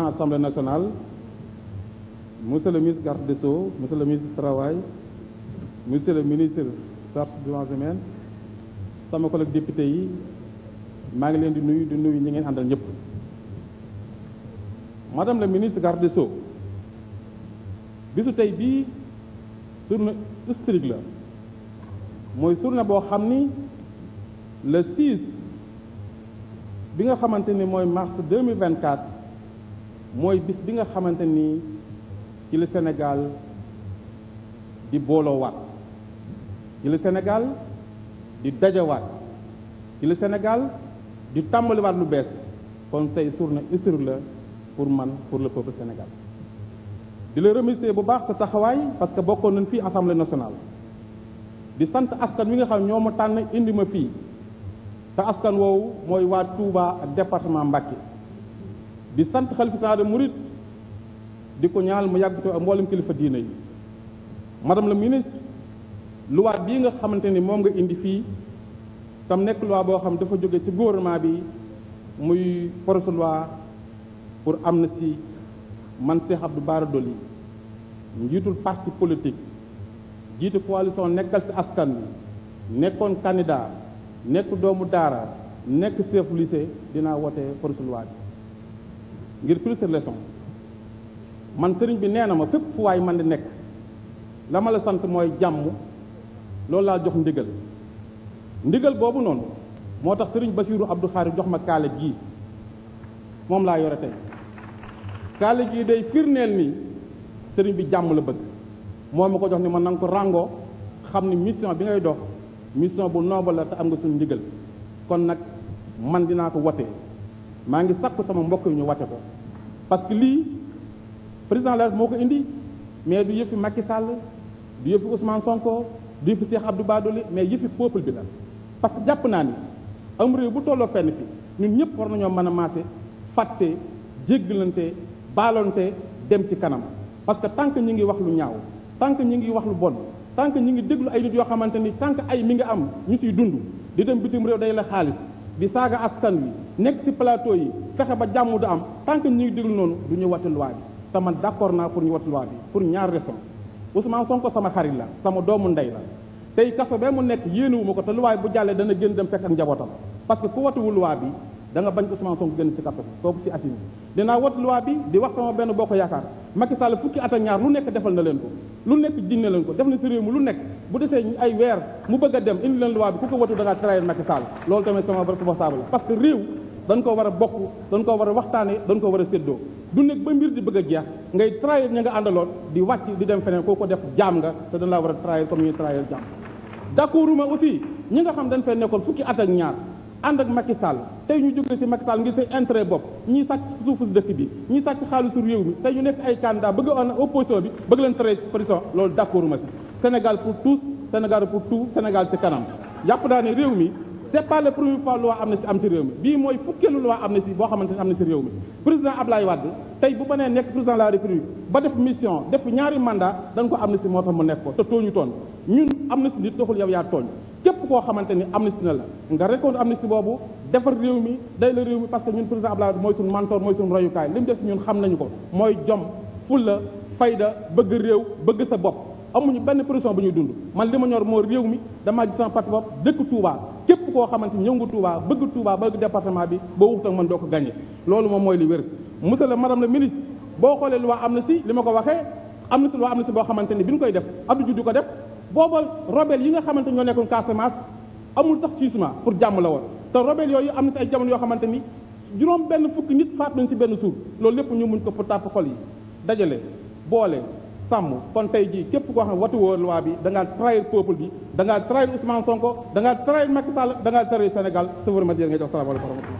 en assemblée nationale monsieur le ministre garde des Sceaux monsieur le ministre du travail monsieur ministre chargé des ressources humaines sama collègue député yi maa ngi leen di nuyu di nuyu ñi ngeen àndal ñëpp madame la ministre garde des Sceaux bisu tey bii journée historique la mooy journée boo xam ni le 6 bi nga xamante ni mooy mars 2024 mooy bis bi nga xamante ni ci la Sénégal di booloowaat ci la Sénégal di dajawaat ci la Sénégal di tàmbaliwaat lu bees kon tey journée historique la pour man pour le peuple Sénégal di la remercier bu baax sa taxawaay parce que bokkoon nañ fii assemblée nationale di sant askan wi nga xam ñoo ma tànn indi ma fii te askan woowu mooy waat Touba ak département Mbacké bi sant xalifa général des mourides di ko ñaanal mu yàgg ak mboolem kilifa diine yi madame la ministre loi bii nga xamante ni moom nga indi fii tam nekk loi boo xam dafa jóge ci gouvernement bi muy projet loi pour amnistie man Cheikh Abdou Bara Dolly njiitul parti politique jiite coalition nekkal ci askan bi nekkoon candidat nekk doomu daara nekk chef lycée dinaa wote projet loi bi ngir plus leçon man sëriñ bi nee na ma fépp fu waay man di nekk la ma la sant mooy jàmm loolu laa jox ndigal ndigal boobu noonu moo tax sëriñ Basiiru Abdu Xaadir jox ma kaale gii moom laa yore tey kaale gii day firneel ni sëriñ bi jàmm la bëgg moo ma ko jox ni ma nanga ko ràngoo xam ni mission bi ngay dox mission bu noble la te am nga suñu ndigal kon nag man dinaa ko watee maa ngi sakku sama mbokk yi ñu wate ko parce que lii président la moo ko indi mais du yëfi Macky Sall du yëfi Ousmane Sonko du yëfi Cheikh Abdou Badoli mais yëfi peuple bi la parce que jàpp naa ni am réew bu tolloo fenn fi ñun ñëpp war nañoo mën a maase fàtte jéggalante baalonte dem ci kanam parce que tant ñu ngi wax lu ñaaw tant que ñu ngi wax lu bon tant que ñu ngi déglu ay nit yoo xamante ni tant ay mi ngi am ñu siy dund di dem bitim réew day la xaalis di saaga askan wi nekk ci palaato yi fexe ba jàmm du am tant que ñuy déglu noonu du ñu wati loi bi te man d'accord naa pour ñu wati loi bi pour ñaar raison Ousmane Sonko sama xarit la sama doomu ndey la tey kaso bee mu nekk yéenewuma ko te loi bu jàllee dana génn dem fekk ak njabootam parce que ku watiwu loi bi da nga bañ ko Ousmane Sonko génn ci kaso bi kooku ci asin bi dinaa wat loi bi di wax sama benn boo ko yaakaar Macky fukki at na leen ko lu ko def na ci réew mi nekk bu defee desee ay weer mu bëgg a dem indi leen loi bi ku ko watu da ngaa trahir Macky Sall loolu tamit sama responsable la parce que réew dañ koo war a bokk dañ koo war a waxtaane dañ ko war a séddoo du nekk ba mbir di bëgg a jeex ngay trahir ña nga àndaloon di wàcc di dem feneen koo ko def jaam nga te dañ laa war a trahir comme ñuy trahir jaam d'accorduma aussi ñi nga xam dañ fee nekkoon fukki at ak ñaar ànd ak Macky Sall tey ñu jóge ci Macky Sall ngir seen intérêt bopp ñii sàcc suufu dëkk bi ñii sàcc xaalisu réew mi tey ñu nekk ay candidat bëgg a opposition bi bëgg leen traité président loolu d'accorduma si Sénégal pour tous Sénégal pour tout Sénégal ci kanam jàpp naa ne réew mi c'est pas la première fois loi amnistie am ci réew bii mooy fukkeelu loi amnistie boo xamante ne am na ci réew mi président Ablaye Wade tey bu ma nee nekk président de la république ba def mission def ñaari mandat dañ ko amnistie moo tax mu nekk ko te tooñu toon na amnistie nit taxul yow yaa tooñ képp koo xamante ni am na la nga récolte amnistie boobu defar réew mi day la réew mi parce que ñun président Ablaye Wade mooy suñu mentor mooy suñu royukaay li mu def si ñun xam nañu ko mooy jom sa bopp amuñu benn pression bu ñuy dund man li ma ñor moo réew mi damaa gis sama parti bopp dëkk Touba képp koo xamante ni ñëw nga Touba bëgg Touba ba département bi boo wuxtak man doo ko gagné loolu moom mooy li wér monsieur le madame la ministre boo xoolee loi amnistie li ma ko waxee amnistie loi amnistie boo xamante ni bi ñu koy def Abdou Diouf di ko def booba rebelle yi nga xamante ñoo nekkoon Casamance amul sax jugement pour jàmm la woon te rebelle yooyu am na si ay yoo xamante ni juróom benn fukki nit faat nañ si benn suur loolu lépp ñu muñ ko pour tàpp xol yi dajale boole sàmm kon tey jii képp koo xam ne watu woo loi bi da ngaa trahir peuple bi da ngaa trahir Ousmane Sonko da ngaa trahir Macky Sall da ngaa trahir Sénégal souveraineté nga jox salaamaaleykum wa